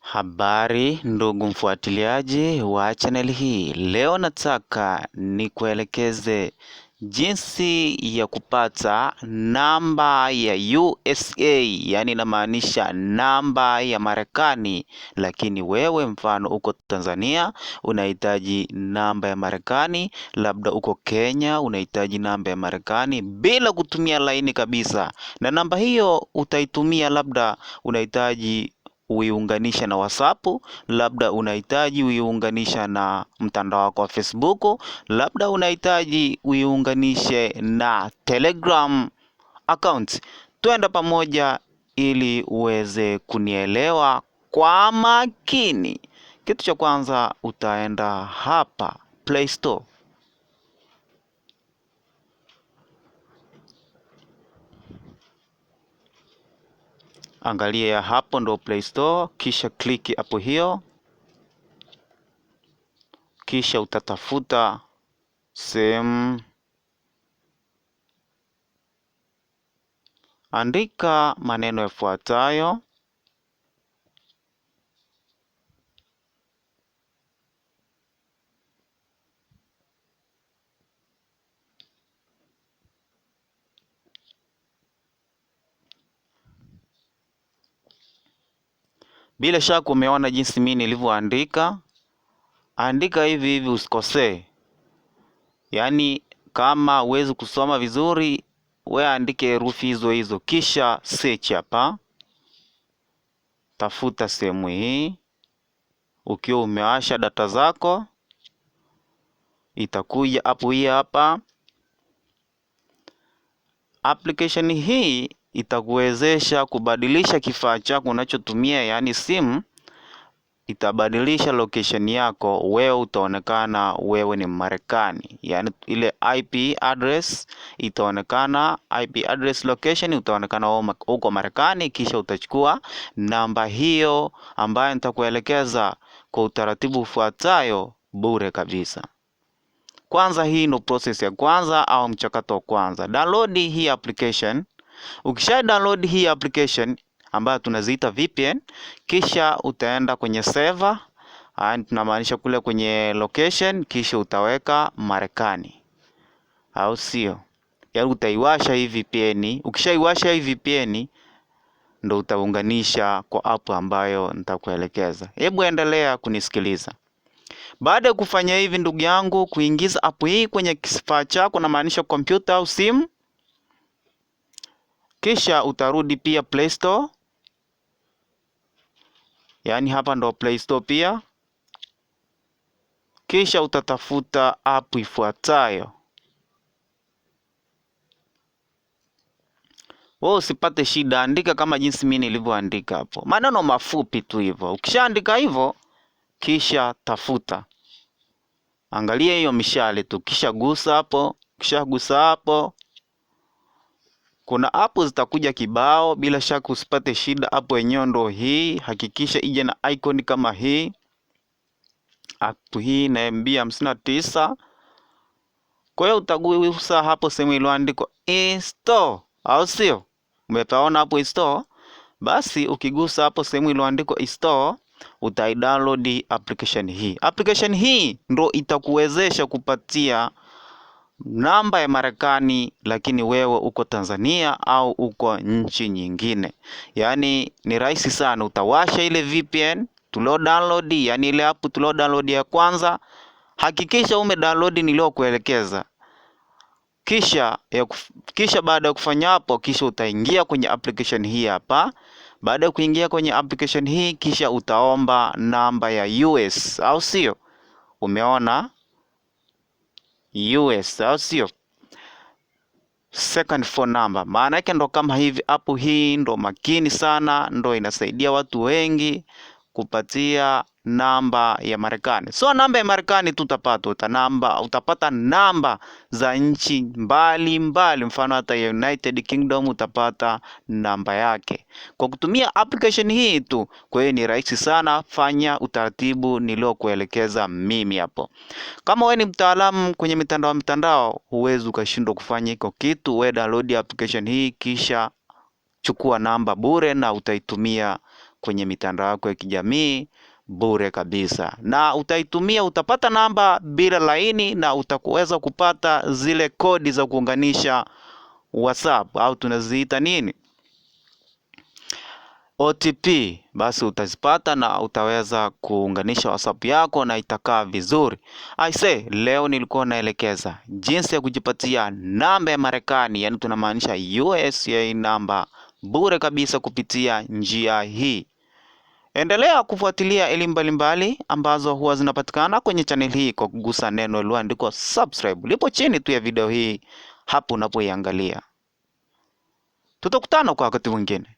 Habari ndugu mfuatiliaji wa channel hii, leo nataka nikuelekeze jinsi ya kupata namba ya USA, yaani inamaanisha namba ya Marekani, lakini wewe mfano uko Tanzania unahitaji namba ya Marekani, labda uko Kenya unahitaji namba ya Marekani bila kutumia laini kabisa, na namba hiyo utaitumia labda unahitaji uiunganishe na WhatsApp, labda unahitaji uiunganisha na mtandao wako wa Facebook, labda unahitaji uiunganishe na Telegram account. Twenda pamoja ili uweze kunielewa kwa makini. Kitu cha kwanza utaenda hapa Play Store. angalia hapo ndo Play Store, kisha kliki hapo hiyo, kisha utatafuta sehemu, andika maneno yafuatayo Bila shaka umeona jinsi mimi nilivyoandika. Andika hivi hivi usikosee. Yaani kama huwezi kusoma vizuri, we andike herufi hizo hizo, kisha search hapa, tafuta sehemu hii ukiwa umewasha data zako, itakuja hapo. Hii hapa application hii itakuwezesha kubadilisha kifaa chako unachotumia yaani simu itabadilisha location yako wewe utaonekana wewe ni Marekani yaani ile IP address itaonekana IP address location utaonekana uko Marekani kisha utachukua namba hiyo ambayo nitakuelekeza kwa utaratibu ufuatayo bure kabisa kwanza hii ndio process ya kwanza au mchakato wa kwanza download hii application Ukisha download hii application ambayo tunaziita VPN, kisha utaenda kwenye server, ah, tunamaanisha kule kwenye location, kisha utaweka Marekani, au sio? Yaani utaiwasha hii VPN. Ukishaiwasha hii VPN ndo utaunganisha kwa app ambayo nitakuelekeza. Hebu endelea kunisikiliza. Baada ya kufanya hivi, ndugu yangu, kuingiza app hii kwenye kifaa chako, namaanisha kompyuta au simu, kisha utarudi pia Play Store, yaani hapa ndo Play Store pia. Kisha utatafuta app ifuatayo. Wewe usipate shida, andika kama jinsi mimi nilivyoandika hapo, maneno mafupi tu hivyo. Ukishaandika hivyo, kisha tafuta, angalia hiyo mishale tu, kisha gusa hapo, kisha gusa hapo. Kuna apu zitakuja kibao, bila shaka usipate shida. apu yenyewe ndo hii, hakikisha ije na icon kama hii. App hii na MB 59. tisa. Kwa hiyo utagusa hapo sehemu iliyoandikwa install, au sio? Umepaona hapo install? Basi ukigusa hapo sehemu iliyoandikwa install utaidownload application hii. Application hii ndo itakuwezesha kupatia namba ya Marekani, lakini wewe uko Tanzania au uko nchi nyingine. Yaani ni rahisi sana, utawasha ile VPN tulio download, yani ile app tulio download ya kwanza. Hakikisha ume download niliyokuelekeza, kisha ya kuf... kisha baada ya kufanya hapo, kisha utaingia kwenye application hii hapa. Baada ya kuingia kwenye application hii, kisha utaomba namba ya US, au sio? Umeona? US, au sio? Second phone number maana yake ndo kama hivi. hapo. hii ndo makini sana, ndo inasaidia watu wengi kupatia namba ya Marekani. So namba ya Marekani tu utapata uta namba, utapata namba za nchi mbali mbali, mfano hata ya United Kingdom utapata namba yake kwa kutumia application hii tu. Kwa hiyo ni rahisi sana, fanya utaratibu niliokuelekeza mimi hapo. Kama wewe ni mtaalamu kwenye mitandao mitandao, huwezi ukashindwa kufanya hiko kitu. Wewe download application hii kisha chukua namba bure na utaitumia kwenye mitandao yako ya kijamii bure kabisa, na utaitumia utapata namba bila laini na utakuweza kupata zile kodi za kuunganisha WhatsApp au tunaziita nini, OTP. Basi utazipata na utaweza kuunganisha WhatsApp yako na itakaa vizuri. say, leo nilikuwa naelekeza jinsi ya kujipatia namba ya Marekani, yaani tunamaanisha USA namba bure kabisa kupitia njia hii. Endelea kufuatilia elimu mbalimbali ambazo huwa zinapatikana kwenye channel hii kwa kugusa neno lililoandikwa subscribe lipo chini tu ya video hii hapo unapoiangalia. Tutakutana kwa wakati mwingine.